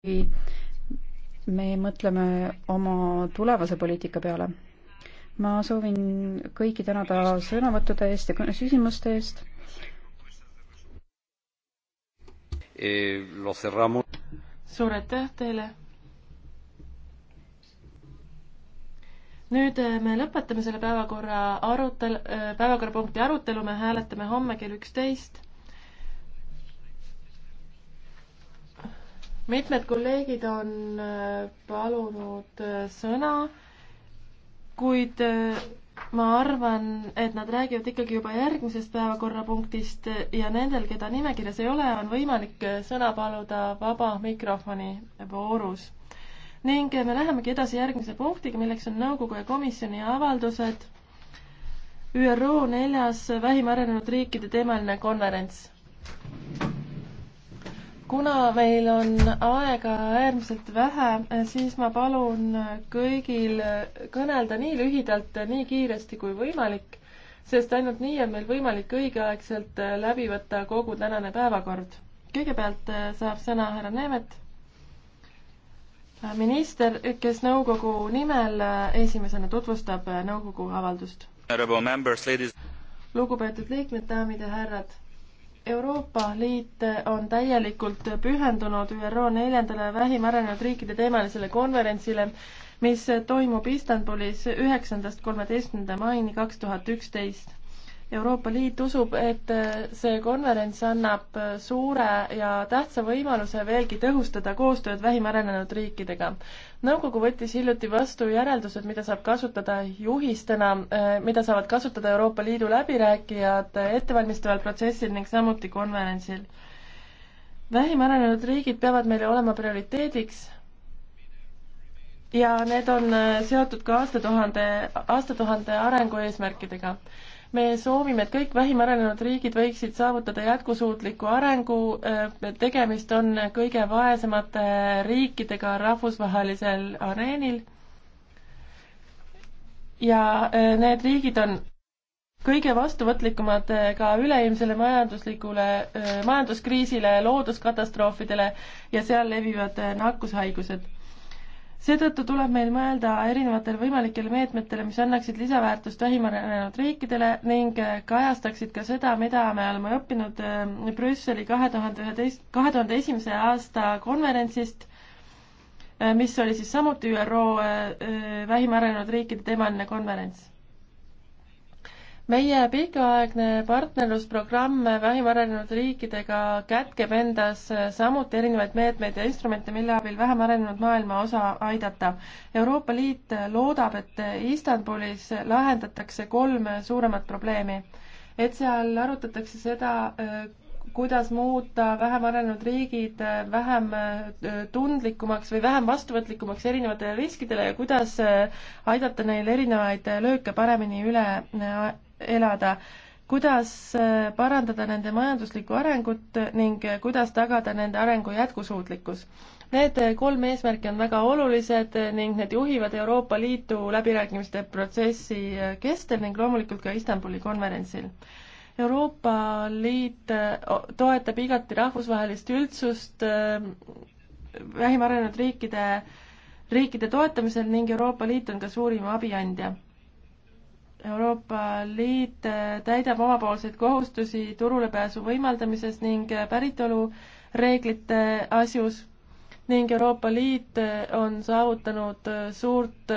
kui me mõtleme oma tulevase poliitika peale. ma soovin kõiki tänada sõnavõttude eest ja küsimuste eest. Eh, suur aitäh teile. nüüd eh, me lõpetame selle päevakorra arutel-, eh, päevakorrapunkti arutelu, me hääletame homme kell üksteist mitmed kolleegid on äh, palunud äh, sõna, kuid äh, ma arvan, et nad räägivad ikkagi juba järgmisest päevakorrapunktist ja nendel, keda nimekirjas ei ole, on võimalik sõna paluda vaba mikrofoni voorus. ning me lähemegi edasi järgmise punktiga, milleks on nõukogu ja komisjoni avaldused. ÜRO neljas vähim arenenud riikide teemaline konverents kuna meil on aega äärmiselt vähe, siis ma palun kõigil kõnelda nii lühidalt, nii kiiresti kui võimalik, sest ainult nii on meil võimalik õigeaegselt läbi võtta kogu tänane päevakord. kõigepealt saab sõna härra Neemet, minister, kes nõukogu nimel esimesena tutvustab nõukogu avaldust. lugupeetud liikmed, daamid ja härrad Euroopa Liit on täielikult pühendunud ÜRO neljandale vähim arenenud riikide teemalisele konverentsile, mis toimub Istanbulis üheksandast kolmeteistkümnenda maini kaks tuhat üksteist Euroopa Liit usub, et äh, see konverents annab äh, suure ja tähtsa võimaluse veelgi tõhustada koostööd vähim arenenud riikidega. nõukogu võttis hiljuti vastu järeldused, mida saab kasutada juhistena, äh, mida saavad kasutada Euroopa Liidu läbirääkijad ettevalmistaval protsessil ning samuti konverentsil. vähim arenenud riigid peavad meile olema prioriteediks, ja need on seotud ka aastatuhande, aastatuhande arengu eesmärkidega me soovime, et kõik vähim arenenud riigid võiksid saavutada jätkusuutliku arengu, äh, tegemist on kõige vaesemate riikidega rahvusvahelisel areenil ja äh, need riigid on kõige vastuvõtlikumad äh, ka üleilmsele majanduslikule, majanduskriisile, looduskatastroofidele ja seal levivad nakkushaigused seetõttu tuleb meil mõelda erinevatele võimalikele meetmetele, mis annaksid lisaväärtust vähim arenenud riikidele ning äh, kajastaksid ka seda, mida me oleme õppinud äh, Brüsseli kahe tuhande üheteist, kahe tuhande esimese aasta konverentsist, äh, mis oli siis samuti ÜRO vähim arenenud riikide teemaline konverents meie pikaaegne partnerlusprogramm vähim arenenud riikidega kätkeb endas samuti erinevaid meetmeid ja instrumente, mille abil vähem arenenud maailma osa aidata. Euroopa Liit loodab, et Istanbulis lahendatakse kolm suuremat probleemi. et seal arutatakse seda, äh, kuidas muuta äh, vähem arenenud riigid vähem tundlikumaks või vähem vastuvõtlikumaks erinevatele riskidele ja kuidas äh, aidata neil erinevaid lööke paremini üle elada, kuidas äh, parandada nende majanduslikku arengut ning äh, kuidas tagada nende arengu jätkusuutlikkus. Need äh, kolm eesmärki on väga olulised ning need juhivad Euroopa Liitu läbirääkimiste protsessi kestel ning loomulikult ka Istanbuli konverentsil Euroopa Liit toetab igati rahvusvahelist üldsust vähim arenenud riikide, riikide toetamisel ning Euroopa Liit on ka suurim abiandja. Euroopa Liit äh, täidab omapoolseid kohustusi turulepääsu võimaldamises ning äh, päritolureeglite asjus ning Euroopa Liit äh, on saavutanud suurt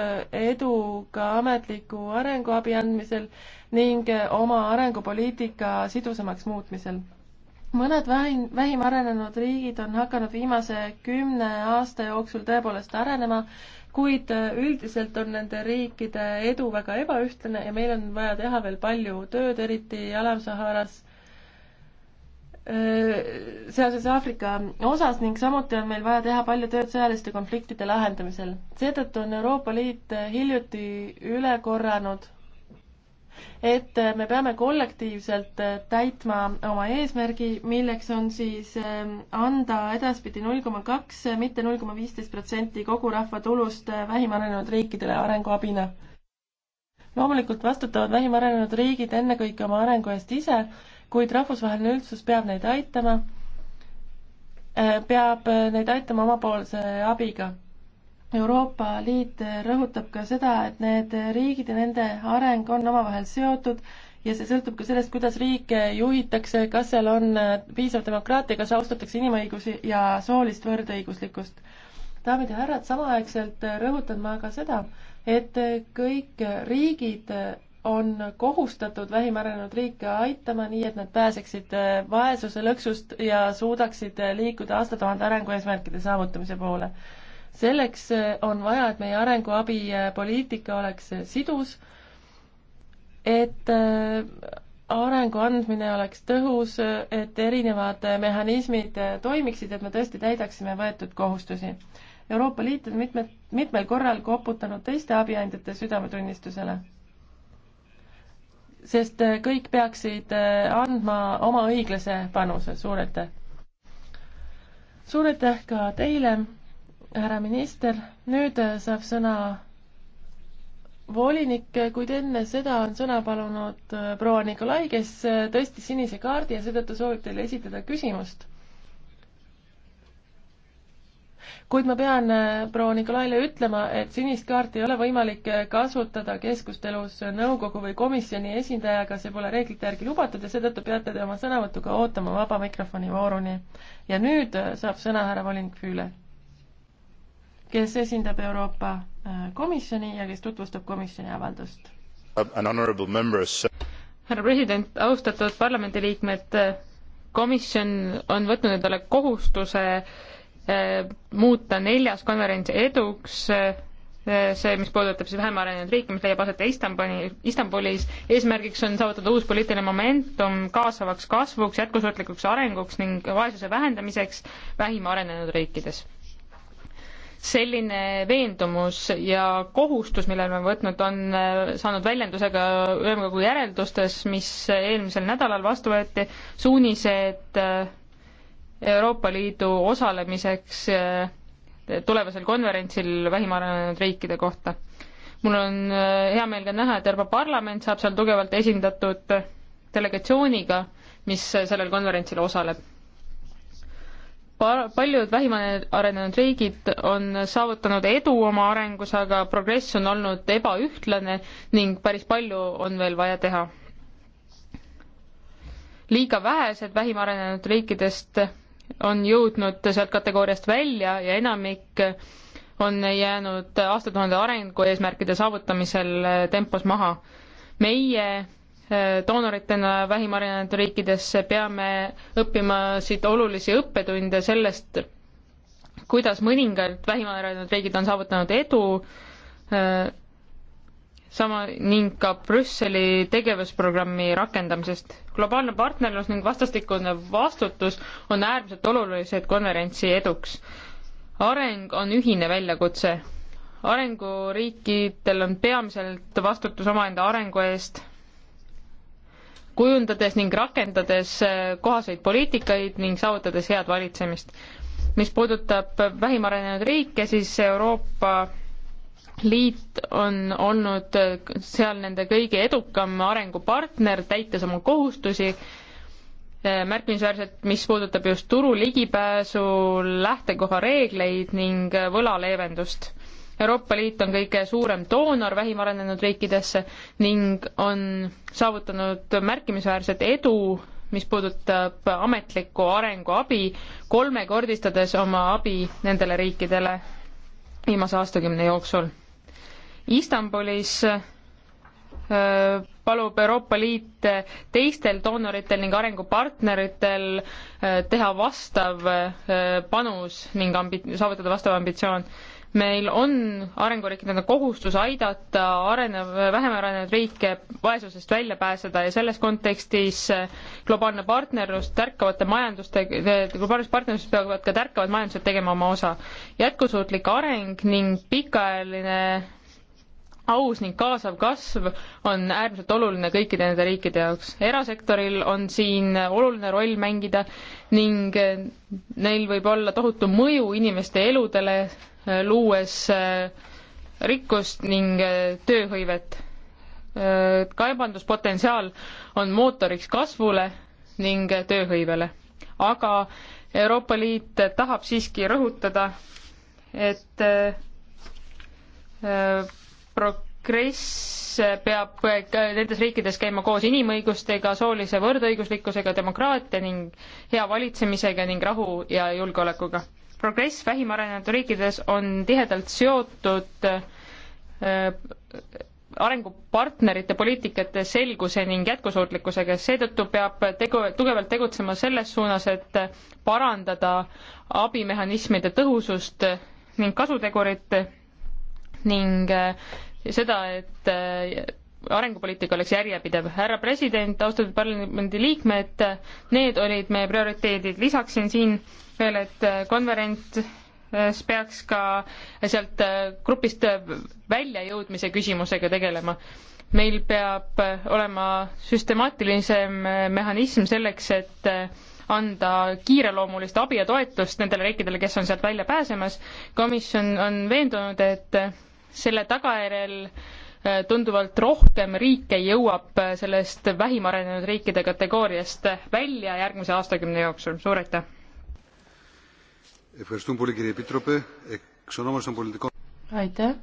edu ka ametliku arenguabi andmisel ning oma arengupoliitika sidusamaks muutmisel mõned vähim, vähim arenenud riigid on hakanud viimase kümne aasta jooksul tõepoolest arenema kuid äh, üldiselt on nende riikide edu väga ebaühtlane ja meil on vaja teha veel palju tööd, eriti Alam-Saharas, äh, seoses Aafrika osas ning samuti on meil vaja teha palju tööd sõjaliste konfliktide lahendamisel. seetõttu on Euroopa Liit äh, hiljuti üle korranud et me peame kollektiivselt äh, täitma oma eesmärgi, milleks on siis ähm, anda edaspidi null koma kaks, äh, mitte null koma viisteist protsenti kogu rahva tulust äh, vähim arenenud riikidele arenguabina. loomulikult vastutavad vähim arenenud riigid ennekõike oma arengu eest ise, kuid rahvusvaheline üldsus peab neid aitama, peab neid aitama omapoolse abiga Euroopa Liit rõhutab ka seda, et need riigid ja nende areng on omavahel seotud ja see sõltub ka sellest, kuidas riike juhitakse, kas seal on piisav demokraatia, kas austatakse inimõigusi ja soolist võrdõiguslikkust. daamid ja härrad, samaaegselt rõhutan ma ka seda, et kõik riigid on kohustatud vähim arenenud riike aitama, nii et nad pääseksid vaesuse lõksust ja suudaksid liikuda aastatuhande arengu eesmärkide saavutamise poole selleks äh, on vaja, et meie arenguabipoliitika äh, oleks äh, sidus, et arengu andmine oleks tõhus, et erinevad mehhanismid toimiksid, et me tõesti täidaksime võetud kohustusi. Euroopa Liit on mitmed, mitmel korral koputanud teiste abiandjate südametunnistusele, sest kõik peaksid andma oma õiglase panuse, suur aitäh! suur aitäh ka teile! härra minister, nüüd äh, saab sõna volinik, äh, kuid enne seda on sõna palunud äh, proua Nikolai, kes tõstis sinise kaardi ja seetõttu soovib teile esitada küsimust. kuid ma pean proua Nikolaile ütlema, et sinist kaarti ei ole võimalik kasutada keskustelus nõukogu või komisjoni esindajaga, see pole reeglite järgi lubatud ja seetõttu peate te oma sõnavõtuga ootama vaba mikrofoni vooruni. ja nüüd saab sõna härra volinik Füüle kes esindab Euroopa äh, Komisjoni ja kes tutvustab komisjoni avaldust. härra president, austatud parlamendiliikmed, äh, komisjon on võtnud endale kohustuse äh, muuta neljas konverents eduks, see, mis puudutab siis vähem arenenud riike, mis leiab aset Istanbuli, Istanbulis, eesmärgiks on saavutada uus poliitiline momentum kaasavaks kasvuks, jätkusuutlikuks arenguks ning vaesuse vähendamiseks vähim arenenud riikides selline veendumus ja kohustus, mille oleme võtnud, on äh, saanud väljenduse ka ülemkogu järeldustes, mis eelmisel nädalal vastu võeti, suunised äh, Euroopa Liidu osalemiseks äh, tulevasel konverentsil vähim arenenud riikide kohta. mul on hea meel ka näha, et Euroopa Parlament saab seal tugevalt esindatud delegatsiooniga, mis sellel konverentsil osaleb paljud vähim arenenud riigid on saavutanud edu oma arengus, aga progress on olnud ebaühtlane ning päris palju on veel vaja teha. liiga vähesed vähim arenenud riikidest on jõudnud sealt kategooriast välja ja enamik on jäänud aastatuhande arengu eesmärkide saavutamisel tempos maha. meie Eh, doonoritena vähim arenenud riikidesse peame õppima siit olulisi õppetunde sellest, kuidas mõningad vähim arenenud riigid on saavutanud edu, eh, sama ning ka Brüsseli tegevusprogrammi rakendamisest. globaalne partnerlus ning vastastikune vastutus on äärmiselt olulised konverentsi eduks. areng on ühine väljakutse. arenguriikidel on peamiselt vastutus omaenda arengu eest kujundades ning rakendades äh, kohaseid poliitikaid ning saavutades head valitsemist. mis puudutab vähim arenenud riike, siis Euroopa Liit on olnud äh, seal nende kõige edukam arengupartner, täites oma kohustusi äh, märkimisväärselt, mis puudutab just turu ligipääsu, lähtekoha reegleid ning võla leevendust Euroopa Liit on kõige suurem doonor vähim arenenud riikidesse ning on saavutanud märkimisväärset edu, mis puudutab ametlikku arenguabi, kolmekordistades oma abi nendele riikidele viimase aastakümne jooksul. Istanbulis palub Euroopa Liit teistel doonoritel ning arengupartneritel teha vastav panus ning ambi-, saavutada vastav ambitsioon meil on arenguriikidena kohustus aidata arenev, vähem arenenud riike vaesusest välja pääseda ja selles kontekstis eh, globaalne partnerlus tärkavate majanduste, eh, globaalses partnerluses peavad ka tärkavad majandused tegema oma osa. jätkusuutlik areng ning pikaajaline aus ning kaasav kasv on äärmiselt oluline kõikide nende riikide jaoks. erasektoril on siin oluline roll mängida ning eh, neil võib olla tohutu mõju inimeste eludele, luues äh, rikkust ning äh, tööhõivet. Äh, kaevanduspotentsiaal on mootoriks kasvule ning tööhõivele, aga Euroopa Liit tahab siiski rõhutada, et progress peab nendes riikides käima koos inimõigustega, soolise võrdõiguslikkusega, demokraatia ning hea valitsemisega ning rahu ja julgeolekuga progress vähim arenenud riikides on tihedalt seotud äh, arengupartnerite poliitikate selguse ning jätkusuutlikkusega, seetõttu peab tegu, tugevalt tegutsema selles suunas, et parandada abimehhanismide tõhusust ning kasutegurit ning äh, seda, et äh, arengupoliitika oleks järjepidev. härra president, austatud parlamendi liikmed, need olid meie prioriteedid. lisaksin siin veel, et äh, konverents äh, peaks ka äh, sealt grupist väljajõudmise küsimusega tegelema. meil peab olema süstemaatilisem mehhanism selleks, et anda kiireloomulist abi ja toetust nendele riikidele, kes on sealt välja pääsemas. komisjon on veendunud, et selle tagajärjel tunduvalt rohkem riike jõuab sellest vähim arenenud riikide kategooriast välja järgmise aastakümne jooksul. suur aitäh! aitäh!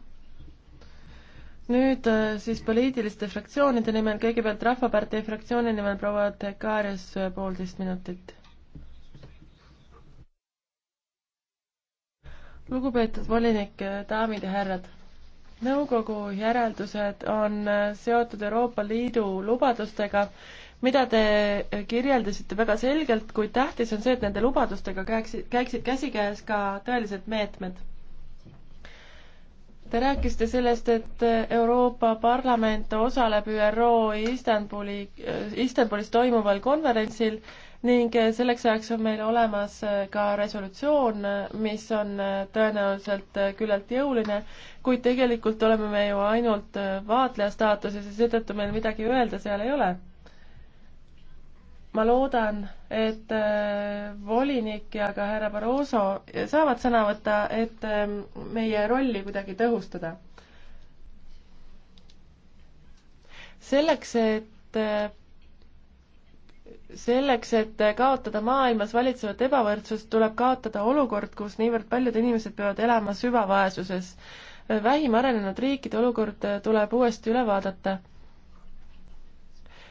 nüüd äh, siis poliitiliste fraktsioonide nimel, kõigepealt Rahvapartei fraktsiooni nimel proua Dekarius, äh, poolteist minutit. lugupeetud volinik, äh, daamid ja härrad. nõukogu järeldused on seotud Euroopa Liidu lubadustega, mida te kirjeldasite väga selgelt, kuid tähtis on see, et nende lubadustega käiksid, käiksid käsikäes ka tõelised meetmed. Te rääkisite sellest, et Euroopa Parlament osaleb ÜRO Istanbuli, Istanbulis toimuval konverentsil ning selleks ajaks on meil olemas ka resolutsioon, mis on tõenäoliselt küllalt jõuline, kuid tegelikult oleme me ju ainult vaatleja staatuses ja seetõttu meil midagi öelda seal ei ole ma loodan, et äh, volinik ja ka härra Barroso saavad sõna võtta, et äh, meie rolli kuidagi tõhustada. selleks, et äh, selleks, et kaotada maailmas valitsevat ebavõrdsust, tuleb kaotada olukord, kus niivõrd paljud inimesed peavad elama süvavaesuses. vähim arenenud riikide olukord tuleb uuesti üle vaadata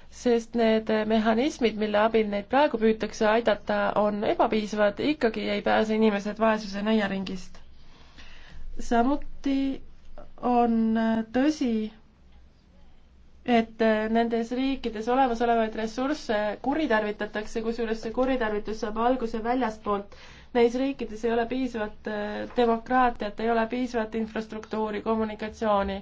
sest need mehhanismid, mille abil neid praegu püütakse aidata, on ebapiisavad, ikkagi ei pääse inimesed vaesuse nõiaringist. samuti on tõsi, et nendes riikides olemasolevaid ressursse kuritarvitatakse, kusjuures see kuritarvitus saab alguse väljastpoolt neis riikides ei ole piisavat äh, demokraatiat, ei ole piisavat infrastruktuuri, kommunikatsiooni,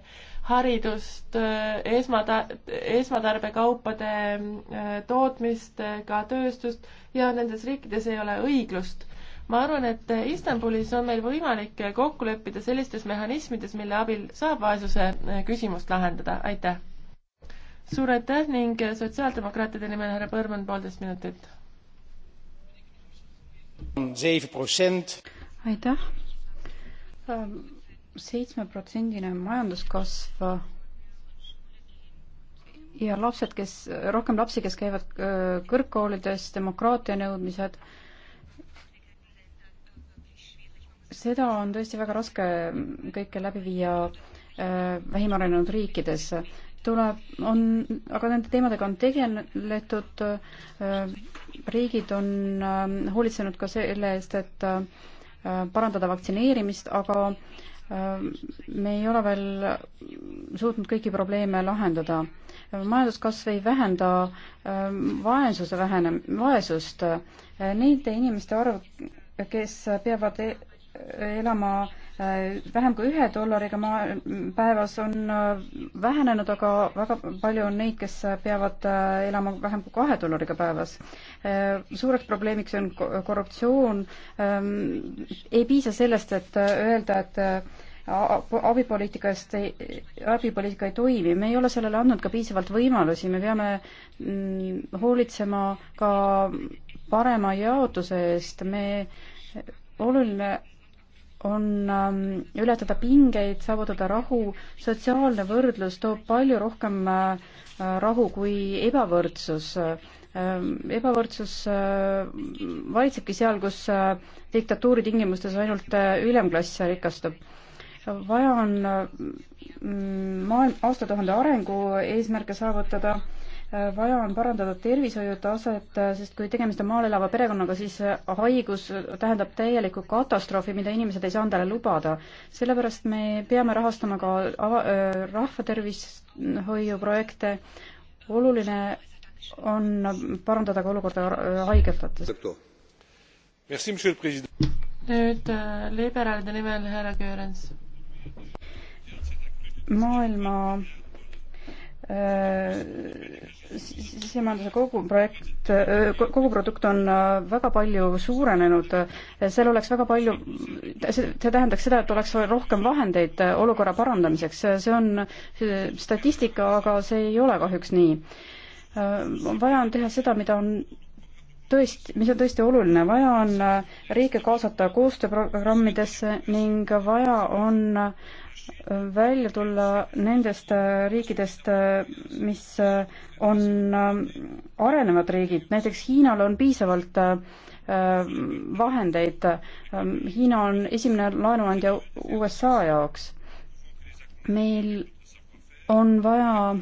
haridust, äh, esmata-, esmatarbekaupade äh, tootmist, ka tööstust ja nendes riikides ei ole õiglust ma arvan, et Istanbulis on meil võimalik kokku leppida sellistes mehhanismides, mille abil saab vaesuse küsimust lahendada, aitäh! suur aitäh ning sotsiaaldemokraatide nimel härra Põrmann, poolteist minutit aitäh. Ähm, seitsmeprotsendine majanduskasv ja lapsed, kes, rohkem lapsi, kes käivad äh, kõrgkoolides, demokraatia nõudmised seda on tõesti väga raske kõike läbi viia äh, vähim arenenud riikides tuleb, on, aga nende teemadega on tegeletud, äh, riigid on äh, hoolitsenud ka selle eest, et äh, parandada vaktsineerimist, aga me ei ole veel suutnud kõiki probleeme lahendada. majanduskasv ei vähenda vaesuse vähene, vaesust. Nende inimeste arv, kes peavad e-, elama Äh, vähem kui ühe dollariga maa, päevas on äh, vähenenud, aga väga palju on neid, kes äh, peavad elama vähem kui kahe dollariga päevas. suureks probleemiks on korruptsioon. Ähm, ei piisa sellest, et öelda, et abipoliitikast ei, abipoliitika ei toimi, me ei ole sellele andnud ka piisavalt võimalusi, me peame mm, hoolitsema ka parema jaotuse eest, me oluline on ähm, ületada pingeid, saavutada rahu, sotsiaalne võrdlus toob palju rohkem äh, äh, rahu kui ebavõrdsus. Ähm, ebavõrdsus äh, valitsebki seal, kus diktatuuri tingimustes ainult ülemklass rikastub. vaja on maailm, aastatuhande arengu eesmärke saavutada Äh, vaja on parandada tervishoiutaset, äh, sest kui tegemist on maal elava perekonnaga, siis äh, haigus tähendab täielikku katastroofi, mida inimesed ei saa endale lubada. sellepärast me peame rahastama ka ava-, rahvatervishoiuprojekte, oluline on parandada ka olukorda haigetes. nüüd liberaalide nimel härra Göörens. maailma Äh, sisemajanduse koguprojekt, äh, koguprodukt on äh, väga palju suurenenud, seal oleks väga palju, see tähendaks seda, et oleks rohkem vahendeid olukorra parandamiseks, see on statistika, aga see ei ole kahjuks nii. vaja on teha seda, mida on tõesti, mis on tõesti oluline, vaja on riike kaasata koostööprogrammidesse ning vaja on äh, välja tulla nendest äh, riikidest, äh, mis äh, on arenevad riigid, näiteks Hiinal on piisavalt vahendeid, ähm, Hiina on esimene laenuandja USA jaoks. meil on vaja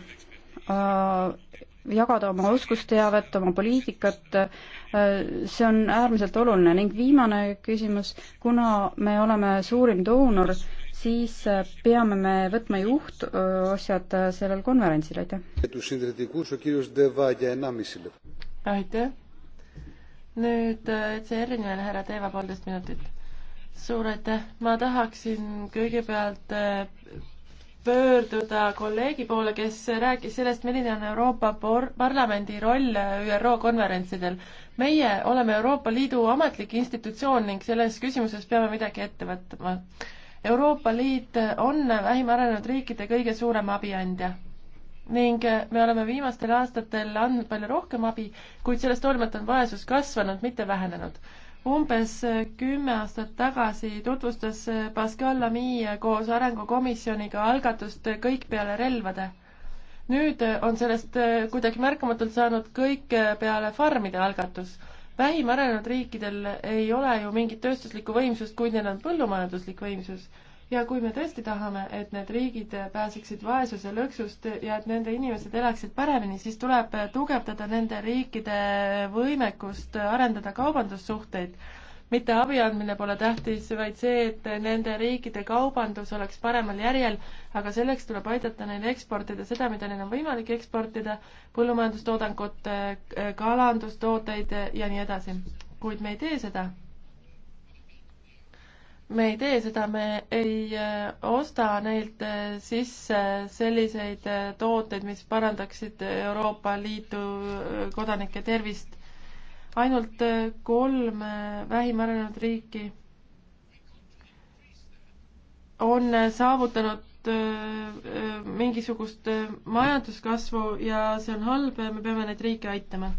jagada oma oskusteavet, oma poliitikat, see on äärmiselt oluline ning viimane küsimus, kuna me oleme suurim doonor, siis äh, peame me võtma juhtasjad äh, äh, sellel konverentsil, aitäh. aitäh. nüüd see erinev härra Teeva poolteist minutit. suur aitäh, ma tahaksin kõigepealt pöörduda kolleegi poole, kes rääkis sellest, milline on Euroopa por-, Parlamendi roll ÜRO konverentsidel. meie oleme Euroopa Liidu ametlik institutsioon ning selles küsimuses peame midagi ette võtma Euroopa Liit on vähim arenenud riikide kõige suurem abiandja ning me oleme viimastel aastatel andnud palju rohkem abi, kuid sellest hoolimata on vaesus kasvanud, mitte vähenenud. umbes kümme aastat tagasi tutvustas Pascal Lamy koos Arengukomisjoniga algatust Kõik peale relvade. nüüd on sellest kuidagi märkamatult saanud Kõik peale farmide algatus vähim arenenud riikidel ei ole ju mingit tööstuslikku võimsust, kuid neil on põllumajanduslik võimsus. ja kui me tõesti tahame, et need riigid pääseksid vaesuse lõksust ja et nende inimesed elaksid paremini, siis tuleb tugevdada nende riikide võimekust arendada kaubandussuhteid mitte abi andmine pole tähtis, vaid see, et nende riikide kaubandus oleks paremal järjel, aga selleks tuleb aidata neil eksportida seda, mida neil on võimalik eksportida, põllumajandustoodangut, kalandustooteid ja nii edasi. kuid me ei tee seda me ei tee seda, me ei äh, osta neilt äh, sisse selliseid äh, tooteid, mis parandaksid Euroopa Liidu kodanike tervist ainult äh, kolm vähim arenenud riiki on äh, saavutanud äh, mingisugust majanduskasvu ja see on halb, me peame neid riike aitama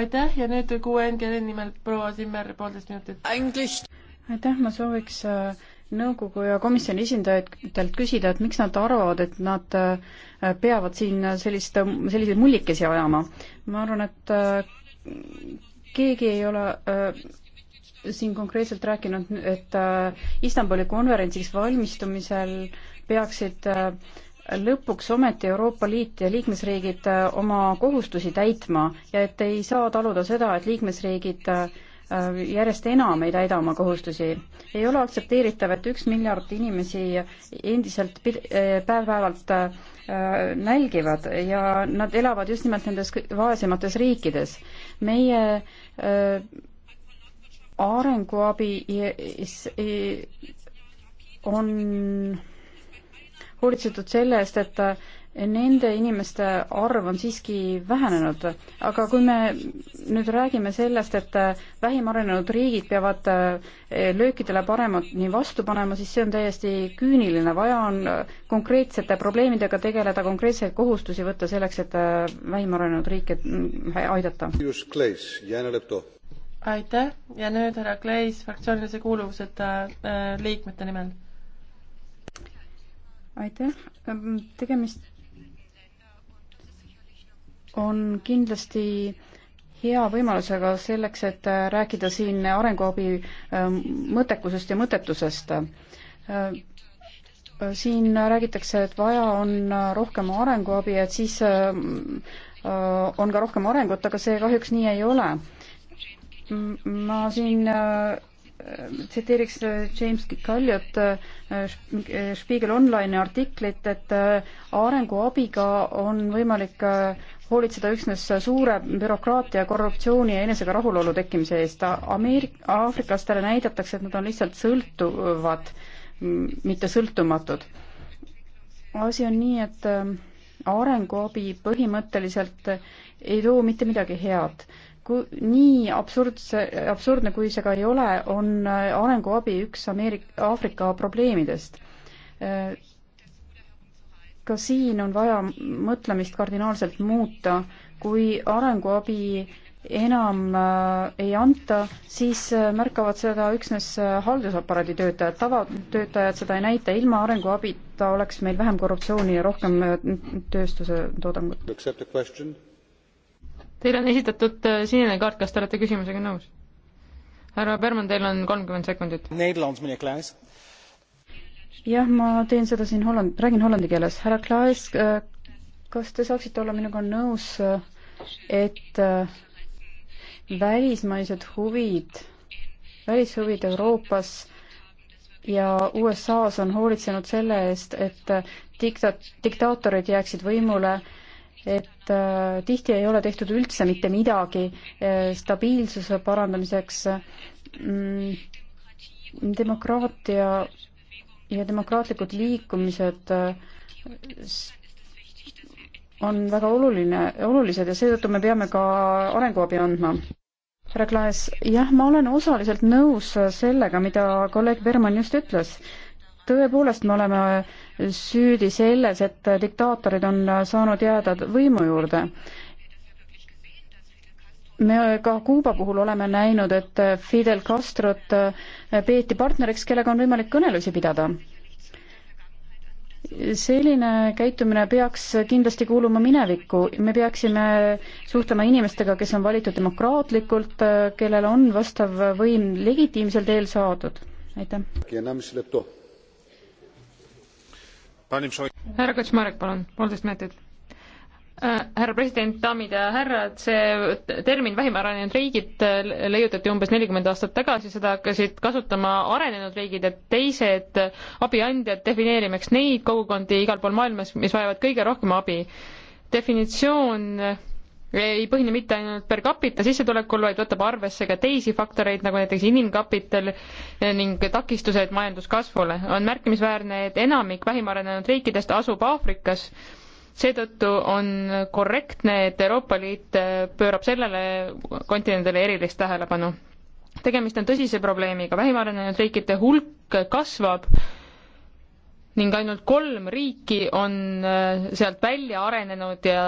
aitäh ja nüüd QNGL-i nimel proua Simmer, poolteist minutit. aitäh, ma sooviks nõukogu ja komisjoni esindajatelt küsida, et miks nad arvavad, et nad peavad siin sellist, selliseid mullikesi ajama. ma arvan, et keegi ei ole äh, siin konkreetselt rääkinud, et äh, Istanbuli konverentsiks valmistumisel peaksid äh, lõpuks ometi Euroopa Liit ja liikmesriigid oma kohustusi täitma ja et ei saa taluda seda, et liikmesriigid äh, Äh, järjest enam ei täida oma kohustusi. ei ole aktsepteeritav, et üks miljard inimesi endiselt äh, päev-päevalt äh, nälgivad ja nad elavad just nimelt nendes vaesemates riikides. meie arenguabis on hoolitsetud selle eest, et nende inimeste arv on siiski vähenenud. aga kui me nüüd räägime sellest, et vähim arenenud riigid peavad eh, löökidele paremini vastu panema, siis see on täiesti küüniline. vaja on konkreetsete probleemidega tegeleda, konkreetseid kohustusi võtta selleks, et eh, vähim arenenud riike mm, aidata. aitäh ja nüüd härra Kleis fraktsioonilise kuuluvuseta eh, liikmete nimel. aitäh, tegemist on kindlasti hea võimalusega selleks, et rääkida siin arenguabi ähm, mõttekusest ja mõttetusest. Äh, siin räägitakse, et vaja on rohkem arenguabi, et siis ähm, äh, on ka rohkem arengut, aga see kahjuks nii ei ole. ma siin äh, tsiteeriks äh, James Kalliot äh, äh, Spiegel Online'i artiklit, et arenguabiga on võimalik hoolitseda üksnes suure bürokraatia, korruptsiooni ja enesega rahulolu tekkimise eest. Ameerik-, aafriklastele näidatakse, et nad on lihtsalt sõltuvad, mitte sõltumatud. asi on nii, et arenguabi põhimõtteliselt ei too mitte midagi head kui nii absurdse, absurdne kui see ka ei ole, on äh, arenguabi üks Ameerik-, Aafrika probleemidest. Äh, ka siin on vaja mõtlemist kardinaalselt muuta, kui arenguabi enam äh, ei anta, siis märkavad seda üksnes haldusaparaadi töötajad, tavatöötajad seda ei näita, ilma arenguabita oleks meil vähem korruptsiooni ja rohkem tööstuse toodangut. Teile on esitatud äh, sinine kaart, kas te olete küsimusega nõus? härra Berman, teil on kolmkümmend sekundit. Nederlands, meneer Klaas. jah, ma teen seda siin holland-, räägin hollandi keeles. härra Klaas, äh, kas te saaksite olla minuga nõus, äh, et välismaised huvid, välishuvid Euroopas ja USA-s on hoolitsenud selle eest, et dikta-, diktaatorid jääksid võimule äh, et äh, tihti ei ole tehtud üldse mitte midagi äh, stabiilsuse parandamiseks, mm, demokraatia ja demokraatlikud liikumised äh, on väga oluline, olulised ja seetõttu me peame ka arenguabi andma. härra Klaas, jah, ma olen osaliselt nõus sellega, mida kolleeg Berman just ütles tõepoolest me oleme süüdi selles, et diktaatorid on saanud jääda võimu juurde. me ka Kuuba puhul oleme näinud, et Fidel Castrot peeti partneriks, kellega on võimalik kõnelusi pidada. selline käitumine peaks kindlasti kuuluma minevikku, me peaksime suhtlema inimestega, kes on valitud demokraatlikult, kellel on vastav võim legitiimsel teel saadud. aitäh härra Kaczmarek, palun, poolteist minutit äh, härra president, daamid ja härrad, see termin vähim arenenud riigid äh, leiutati umbes nelikümmend aastat tagasi, seda hakkasid kasutama arenenud riigid ja teised abiandjad, defineerimaks neid kogukondi igal pool maailmas, mis vajavad kõige rohkem abi. definitsioon ei põhine mitte ainult per capita sissetulekul, vaid võtab arvesse ka teisi faktoreid, nagu näiteks inimkapital eh, ning takistused majanduskasvule. on märkimisväärne, et enamik vähim arenenud riikidest asub Aafrikas, seetõttu on korrektne, et Euroopa Liit eh, pöörab sellele kontinendile erilist tähelepanu. tegemist on tõsise probleemiga, vähim arenenud riikide hulk kasvab ning ainult kolm riiki on äh, sealt välja arenenud ja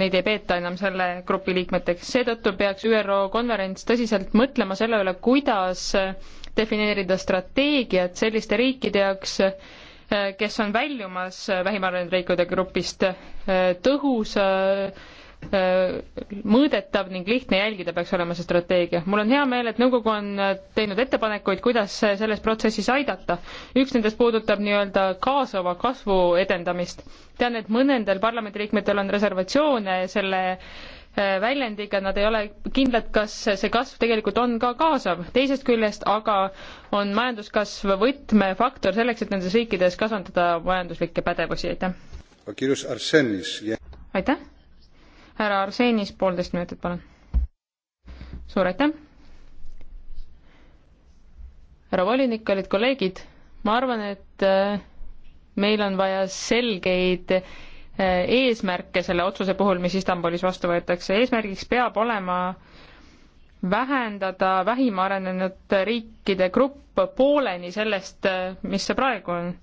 neid ei peeta enam selle grupi liikmeteks. seetõttu peaks ÜRO konverents tõsiselt mõtlema selle üle, kuidas äh, defineerida strateegiat selliste riikide jaoks, äh, kes on väljumas vähim arenenud riikide grupist tõhusa Äh, mõõdetav ning lihtne jälgida peaks olema see strateegia. mul on hea meel, et nõukogu on äh, teinud ettepanekuid, kuidas äh, selles protsessis aidata. üks nendest puudutab nii-öelda kaasava kasvu edendamist. tean, et mõnedel parlamendiliikmetel on reservatsioone selle väljendiga, nad ei ole kindlad, kas see kasv tegelikult on ka kaasav. teisest küljest aga on majanduskasv võtmefaktor selleks, et nendes riikides kasvatada majanduslikke pädevusi, aitäh. aitäh härra Arsenis, poolteist minutit, palun. suur aitäh! härra volinik, kallid kolleegid, ma arvan, et äh, meil on vaja selgeid äh, eesmärke selle otsuse puhul, mis Istanbulis vastu võetakse. eesmärgiks peab olema vähendada vähim arenenud riikide grupp pooleni sellest, äh, mis see praegu on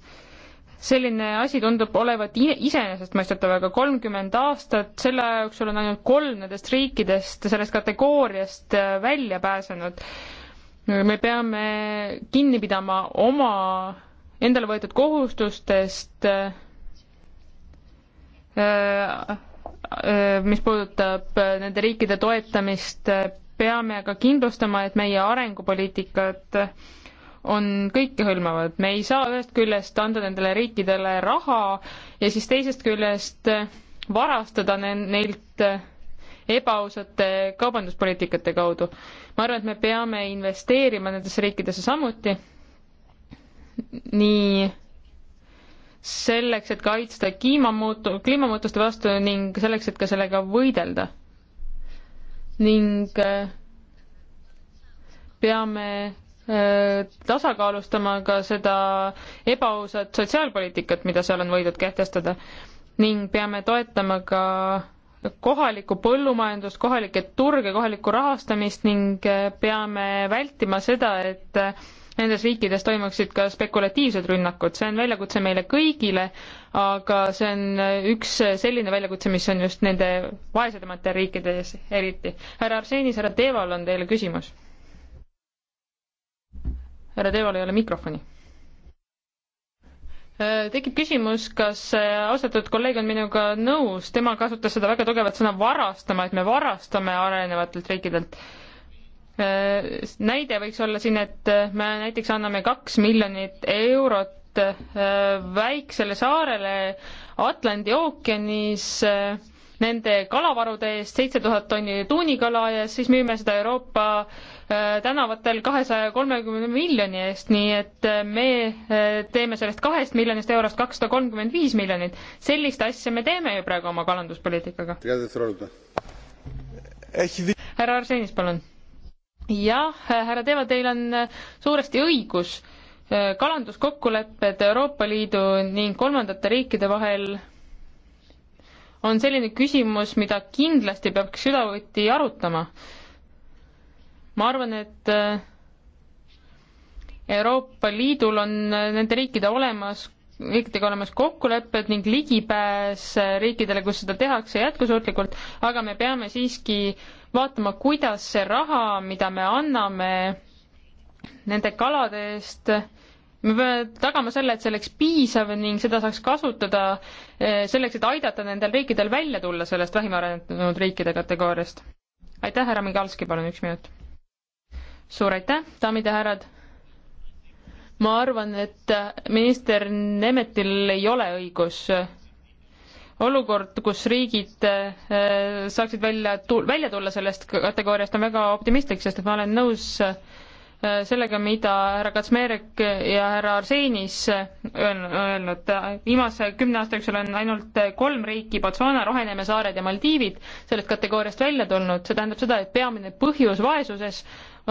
selline asi tundub olevat iseenesestmõistetav, aga kolmkümmend aastat, selle aja jooksul on ainult kolm nendest riikidest sellest kategooriast äh, välja pääsenud. me peame kinni pidama oma endale võetud kohustustest, äh, äh, mis puudutab nende riikide toetamist, peame aga kindlustama, et meie arengupoliitikat on kõikehõlmavad, me ei saa ühest küljest anda nendele riikidele raha ja siis teisest küljest varastada ne neilt ebaausate kaubanduspoliitikate kaudu. ma arvan, et me peame investeerima nendesse riikidesse samuti, nii selleks, et kaitsta kliimamuutu-, kliimamuutuste vastu ning selleks, et ka sellega võidelda. ning äh, peame Äh, tasakaalustama ka seda ebaausat sotsiaalpoliitikat, mida seal on võidud kehtestada. ning peame toetama ka kohalikku põllumajandust, kohalikke turge, kohalikku rahastamist ning äh, peame vältima seda, et äh, nendes riikides toimuksid ka spekulatiivsed rünnakud, see on väljakutse meile kõigile, aga see on üks selline väljakutse, mis on just nende vaesemate riikide ees eriti. härra Arsenis, härra Teeval on teile küsimus härra Teeval ei ole mikrofoni. Äh, tekib küsimus, kas äh, austatud kolleeg on minuga nõus, tema kasutas seda väga tugevat sõna varastama, et me varastame arenevatelt riikidelt. Äh, näide võiks olla siin, et me näiteks anname kaks miljonit eurot väiksele saarele Atlandi ookeanis nende kalavarude eest seitse tuhat tonni tuunikala ja siis müüme seda Euroopa tänavatel kahesaja kolmekümne miljoni eest, nii et äh, me äh, teeme sellest kahest miljonist eurost kakssada kolmkümmend viis miljonit. sellist asja me teeme ju praegu oma kalanduspoliitikaga. härra Arsenis, palun. jah, äh, härra Teeva, teil on suuresti õigus. kalanduskokkulepped Euroopa Liidu ning kolmandate riikide vahel on selline küsimus, mida kindlasti peaks südavuti arutama ma arvan, et äh, Euroopa Liidul on äh, nende riikide olemas, riikidega olemas kokkulepped ning ligipääs äh, riikidele, kus seda tehakse jätkusuutlikult, aga me peame siiski vaatama, kuidas see raha, mida me anname nende kalade eest, me peame tagama selle, et see oleks piisav ning seda saaks kasutada selleks, et aidata nendel riikidel välja tulla sellest vähim arenenud riikide kategooriast. aitäh, härra Migalski, palun üks minut suur aitäh, daamid ja härrad. ma arvan, et minister Nemetil ei ole õigus olukord, kus riigid äh, saaksid välja, välja tulla sellest kategooriast, on väga optimistlik, sest et ma olen nõus Äh, sellega, mida härra Katsmerek ja härra Arsenis äh, öelnud. viimase kümne aasta jooksul on ainult kolm riiki, Botswana, Roheneeme saared ja Maldiivid, sellest kategooriast välja tulnud. see tähendab seda, et peamine põhjus vaesuses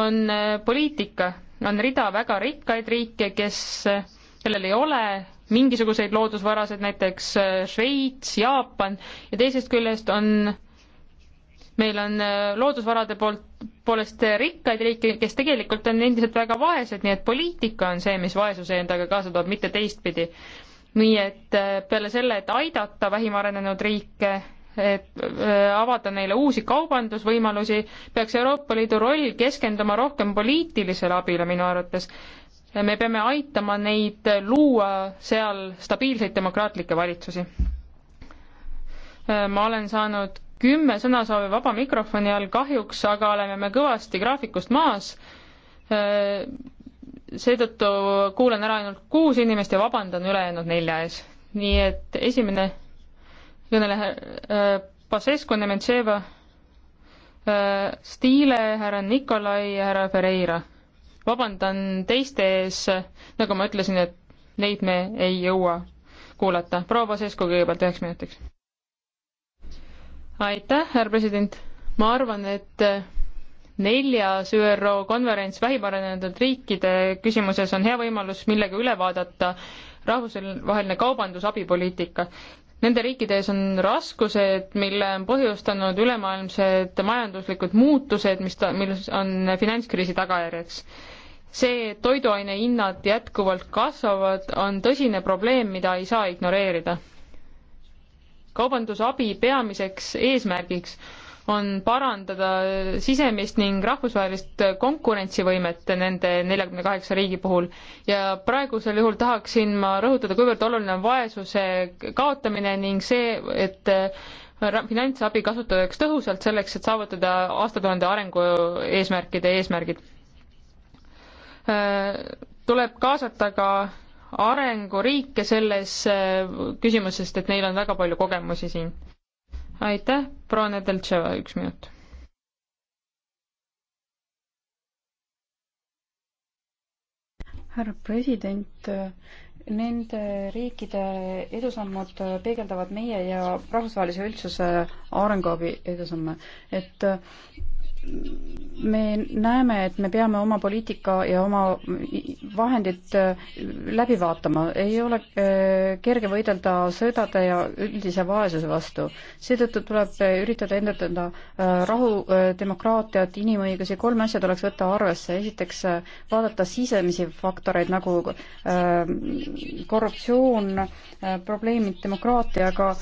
on äh, poliitika. on rida väga rikkaid riike, kes, kellel ei ole mingisuguseid loodusvarasid, näiteks Šveits, Jaapan ja teisest küljest on meil on äh, loodusvarade poolt, poolest äh, rikkaid riike, kes tegelikult on endiselt väga vaesed, nii et poliitika on see, mis vaesuse endaga kaasa toob, mitte teistpidi. nii et äh, peale selle, et aidata vähim arenenud riike, et avada neile uusi kaubandusvõimalusi, peaks Euroopa Liidu roll keskenduma rohkem poliitilisele abile minu arvates. me peame aitama neid luua seal stabiilseid demokraatlikke valitsusi. ma olen saanud kümme sõnasoovi vaba mikrofoni all, kahjuks aga oleme me kõvasti graafikust maas. seetõttu kuulan ära ainult kuus inimest ja vabandan ülejäänud nelja ees. nii et esimene kõneleja äh,, Pasescu, Nemetševa äh,, Stiile, härra Nikolai ja härra Ferreira. vabandan teiste ees, nagu ma ütlesin, et neid me ei jõua kuulata. proua Pasescu kõigepealt üheks minutiks aitäh, härra president. ma arvan, et neljas ÜRO konverents vähim arenenud riikide küsimuses on hea võimalus, millega üle vaadata rahvusvaheline kaubandusabipoliitika. Nende riikide ees on raskused, mille on põhjustanud ülemaailmsed majanduslikud muutused, mis ta, milles on finantskriisi tagajärjeks. see, et toiduaine hinnad jätkuvalt kasvavad, on tõsine probleem, mida ei saa ignoreerida kaubandusabi peamiseks eesmärgiks on parandada sisemist ning rahvusvahelist konkurentsivõimet nende neljakümne kaheksa riigi puhul. ja praegusel juhul tahaksin ma rõhutada, kuivõrd oluline on vaesuse kaotamine ning see, et äh, finantsabi kasutatakse tõhusalt selleks, et saavutada aastatuhande arengu eesmärkide eesmärgid. Äh, tuleb kaasata ka arenguriike selles äh, küsimuses, sest et neil on väga palju kogemusi siin. aitäh, proua Nedeltševa, üks minut. härra president, äh, nende riikide edusammud äh, peegeldavad meie ja rahvusvahelise üldsuse arenguabi edusamme. et me näeme, et me peame oma poliitika ja oma vahendid äh, läbi vaatama. ei ole äh, kerge võidelda sõdade ja üldise vaesuse vastu. seetõttu tuleb äh, üritada endatada rahu, demokraatiat, inimõigusi. kolme asja tuleks võtta arvesse. esiteks vaadata sisemisi faktoreid nagu korruptsioon, probleemid demokraatiaga,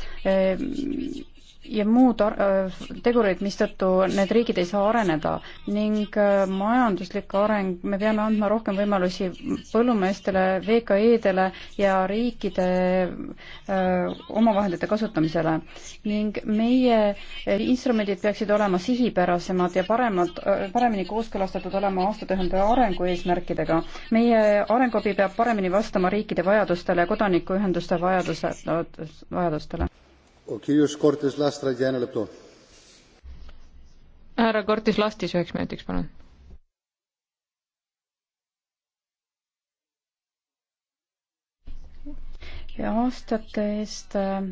ja muud äh, tegurid, mistõttu need riigid ei saa areneda ning äh, majanduslik areng, me peame andma rohkem võimalusi põllumeestele, VKE-dele ja riikide äh, omavahendite kasutamisele. ning meie instrumendid peaksid olema sihipärasemad ja paremad, paremini kooskõlastatud olema aastatuhande arengu eesmärkidega. meie arenguabi peab paremini vastama riikide vajadustele ja kodanikuühenduste vajaduse, vajadustele härra Cortes Lastis üheks minutiks, palun. ja aastate eest äh,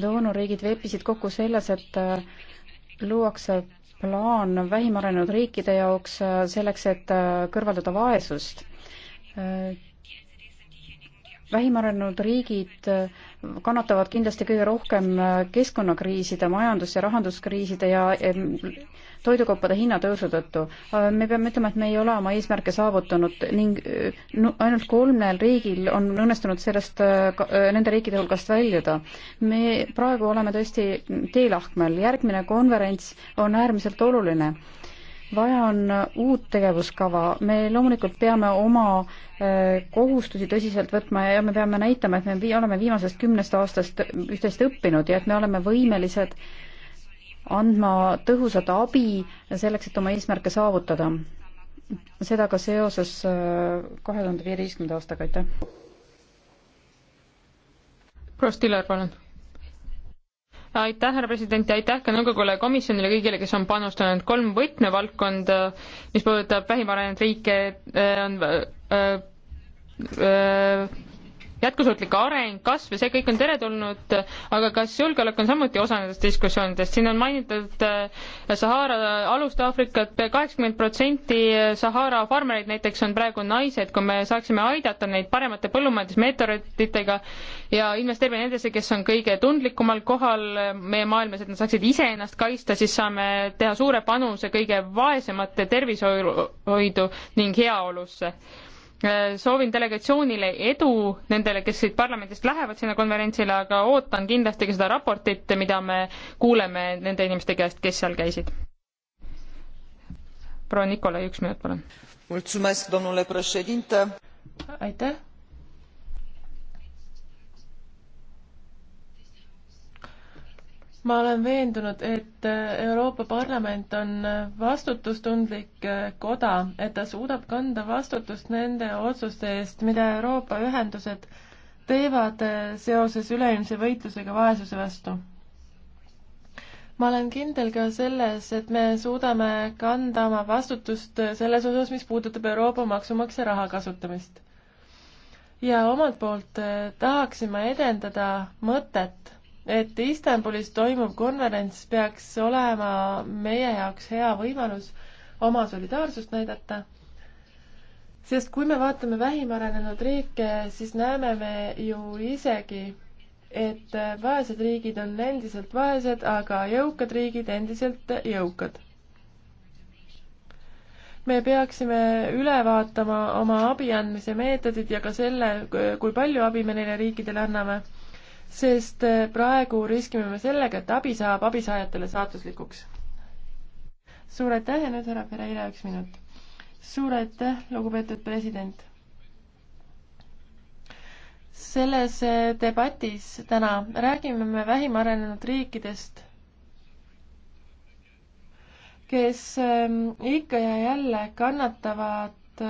doonoriigid leppisid kokku selles, et äh, luuakse plaan vähim arenenud riikide jaoks äh, selleks, et kõrvaldada vaesust vähim arenenud riigid kannatavad kindlasti kõige rohkem äh, keskkonnakriiside, majandus- ja rahanduskriiside ja toidukaupade hinnatõusu tõttu. Äh, me peame ütlema, et me ei ole oma eesmärke saavutanud ning äh, ainult kolmel riigil on õnnestunud sellest, nende riikide hulgast väljuda. me praegu oleme tõesti teelahkmel, järgmine konverents on äärmiselt oluline vaja on äh, uut tegevuskava, me loomulikult peame oma äh, kohustusi tõsiselt võtma ja me peame näitama, et me vii, oleme viimasest kümnest aastast üht-teist õppinud ja et me oleme võimelised andma tõhusat abi selleks, et oma eesmärke saavutada. seda ka seoses äh, kahe tuhande viieteistkümnenda aastaga, aitäh. Kross Tiller, palun aitäh, härra president ja aitäh ka nõukogule ja komisjonile, kõigile, kes on panustanud. kolm võtmevaldkonda, mis puudutab vähim arenenud riike, äh, on äh, äh, jätkusuutlik areng, kasv ja see kõik on teretulnud, aga kas julgeolek on samuti osa nendest diskussioonidest, siin on mainitud äh, Sahara alust Aafrikat, kaheksakümmend protsenti äh, Sahara farmereid näiteks on praegu naised, kui me saaksime aidata neid paremate põllumajandusmeetoditega ja investeerime nendesse, kes on kõige tundlikumal kohal äh, meie maailmas, et nad saaksid ise ennast kaitsta, siis saame teha suure panuse kõige vaesemate tervishoidu ning heaolusse Äh, soovin delegatsioonile edu nendele, kes siit parlamendist lähevad sinna konverentsile, aga ootan kindlasti ka seda raportit, mida me kuuleme nende inimeste käest, kes seal käisid. proua Nikolai, üks minut, palun. aitäh ma olen veendunud, et Euroopa Parlament on vastutustundlik koda, et ta suudab kanda vastutust nende otsuste eest, mida Euroopa ühendused teevad seoses üleilmse võitlusega vaesuse vastu. ma olen kindel ka selles, et me suudame kanda oma vastutust selles osas, mis puudutab Euroopa maksumaksja raha kasutamist ja omalt poolt tahaksin ma edendada mõtet, et Istanbulis toimuv konverents peaks olema meie jaoks hea võimalus oma solidaarsust näidata, sest kui me vaatame vähim arenenud riike, siis näeme me ju isegi, et vaesed riigid on endiselt vaesed, aga jõukad riigid endiselt jõukad me peaksime üle vaatama oma abi andmise meetodid ja ka selle, kui palju abi me neile riikidele anname sest eh, praegu riskime me sellega, et abi saab abisaajatele saatuslikuks. suur aitäh ja nüüd härra Pereira, üks minut. suur aitäh, lugupeetud president. selles eh, debatis täna räägime me vähim arenenud riikidest, kes eh, ikka ja jälle kannatavad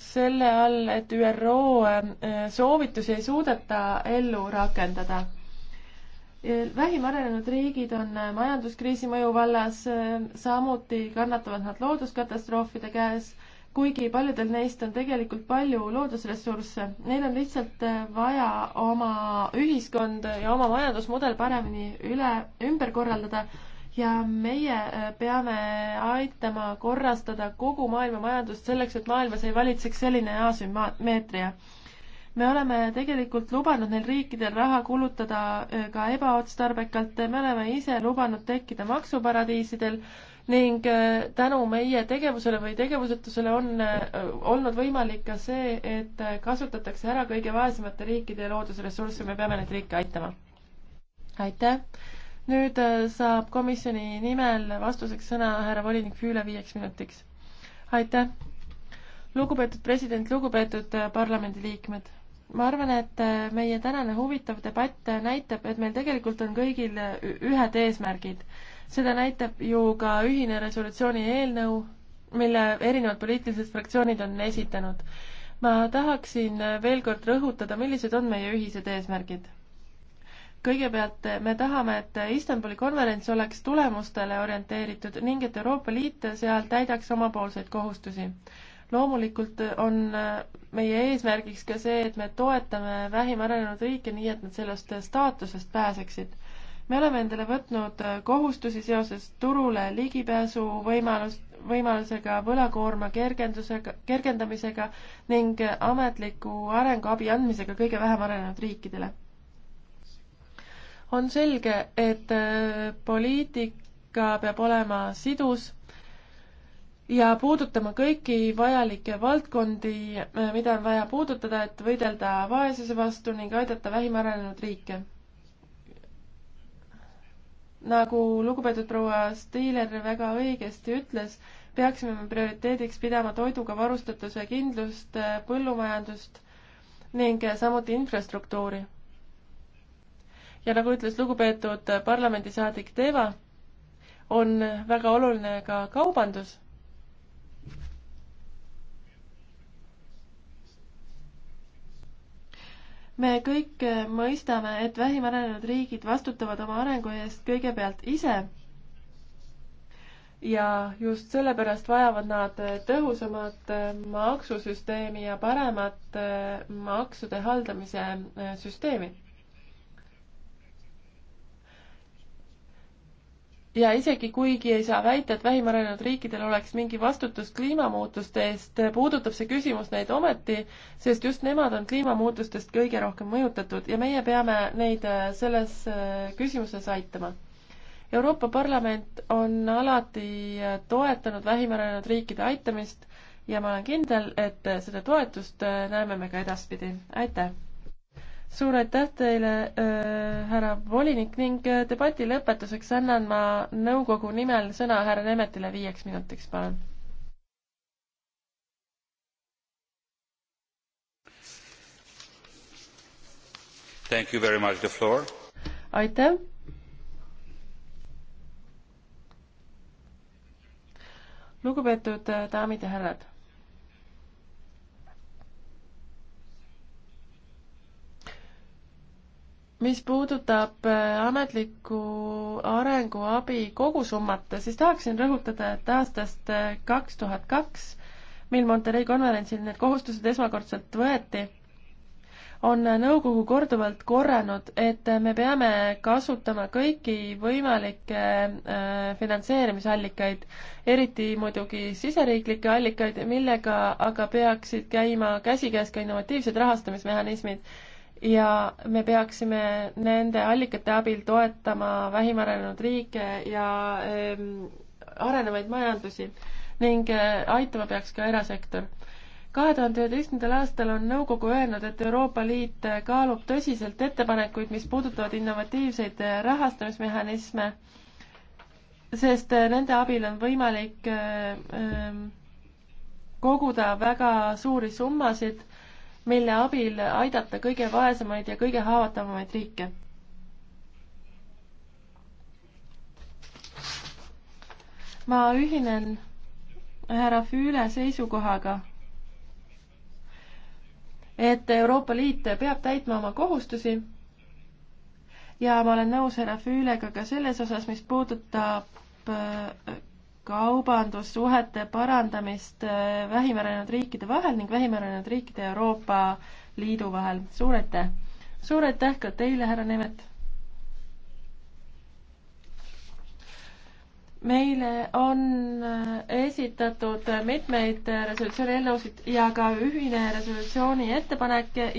selle all, et ÜRO äh, soovitusi ei suudeta ellu rakendada. vähim arenenud riigid on äh, majanduskriisi mõju vallas, äh, samuti kannatavad nad looduskatastroofide käes, kuigi paljudel neist on tegelikult palju loodusressursse. Neil on lihtsalt vaja oma ühiskond ja oma majandusmudel paremini üle, ümber korraldada ja meie äh, peame aitama korrastada kogu maailma majandust selleks, et maailmas ei valitseks selline asümmeetria. me oleme tegelikult lubanud neil riikidel raha kulutada äh, ka ebaotstarbekalt, me oleme ise lubanud tekkida maksuparadiisidel ning äh, tänu meie tegevusele või tegevusetusele on olnud võimalik ka see, et kasutatakse ära kõige vaesemate riikide loodusressursse, me peame neid riike aitama. aitäh! nüüd äh, saab komisjoni nimel vastuseks sõna härra volinik Füüle viieks minutiks. aitäh! lugupeetud president, lugupeetud äh, parlamendiliikmed! ma arvan, et äh, meie tänane huvitav debatt näitab, et meil tegelikult on kõigil ühed eesmärgid. seda näitab ju ka ühine resolutsiooni eelnõu, mille erinevad poliitilised fraktsioonid on esitanud. ma tahaksin veel kord rõhutada, millised on meie ühised eesmärgid kõigepealt eh, me tahame, et Istanbuli konverents oleks tulemustele orienteeritud ning et Euroopa Liit seal täidaks omapoolseid kohustusi. loomulikult on eh, meie eesmärgiks ka see, et me toetame vähim arenenud riike nii, et nad sellest staatusest pääseksid. me oleme endale võtnud eh, kohustusi seoses turule ligipääsu võimalust, võimalusega, võlakoorma kergendusega, kergendamisega ning ametliku arenguabi andmisega kõige vähem arenenud riikidele on selge, et äh, poliitika peab olema sidus ja puudutama kõiki vajalikke valdkondi, äh, mida on vaja puudutada, et võidelda vaesuse vastu ning aidata vähim arenenud riike. nagu lugupeetud proua Stiiler väga õigesti ütles, peaksime me prioriteediks pidama toiduga varustatuse kindlust, äh, põllumajandust ning samuti infrastruktuuri ja nagu ütles lugupeetud parlamendisaadik Deva, on väga oluline ka kaubandus. me kõik mõistame, et vähim arenenud riigid vastutavad oma arengu eest kõigepealt ise ja just sellepärast vajavad nad tõhusamat maksusüsteemi ja paremat maksude haldamise süsteemi. ja isegi kuigi ei saa väita, et vähim arenenud riikidel oleks mingi vastutus kliimamuutuste eest, puudutab see küsimus neid ometi, sest just nemad on kliimamuutustest kõige rohkem mõjutatud ja meie peame neid äh, selles äh, küsimuses aitama. Euroopa Parlament on alati äh, toetanud vähim arenenud riikide aitamist ja ma olen kindel, et seda toetust näeme me ka edaspidi. aitäh! suur aitäh teile äh,, härra volinik ning äh, debati lõpetuseks annan ma nõukogu nimel sõna härra Nemetile viieks minutiks, palun. Thank you very much, the floor. aitäh. lugupeetud äh, daamid ja härrad mis puudutab äh, ametliku arenguabi kogusummat, siis tahaksin rõhutada, et aastast äh, kaks tuhat kaks, mil Monterrey konverentsil need kohustused esmakordselt võeti, on nõukogu korduvalt korranud, et me peame kasutama kõiki võimalikke äh, finantseerimisallikaid, eriti muidugi siseriiklikke allikaid, millega aga peaksid käima käsikäes ka innovatiivsed rahastamismehhanismid ja me peaksime nende allikate abil toetama vähim arenenud riike ja ähm, arenevaid majandusi ning äh, aitama peaks ka erasektor. kahe tuhande üheteistkümnendal aastal on nõukogu öelnud, et Euroopa Liit eh, kaalub tõsiselt ettepanekuid, mis puudutavad innovatiivseid eh, rahastamismehhanisme, sest nende abil on võimalik äh, koguda väga suuri summasid mille abil aidata kõige vaesemaid ja kõige haavatavamaid riike. ma ühinen härra Füüle seisukohaga et Euroopa Liit peab täitma oma kohustusi ja ma olen nõus härra Füülega ka selles osas, mis puudutab äh, kaubandussuhete parandamist äh, vähim arenenud riikide vahel ning vähim arenenud riikide ja Euroopa Liidu vahel. suur aitäh! suur aitäh ka teile, härra Nemet! meile on äh, esitatud mitmeid äh, resolutsiooni eelnõusid ja ka ühine resolutsiooni ettepanek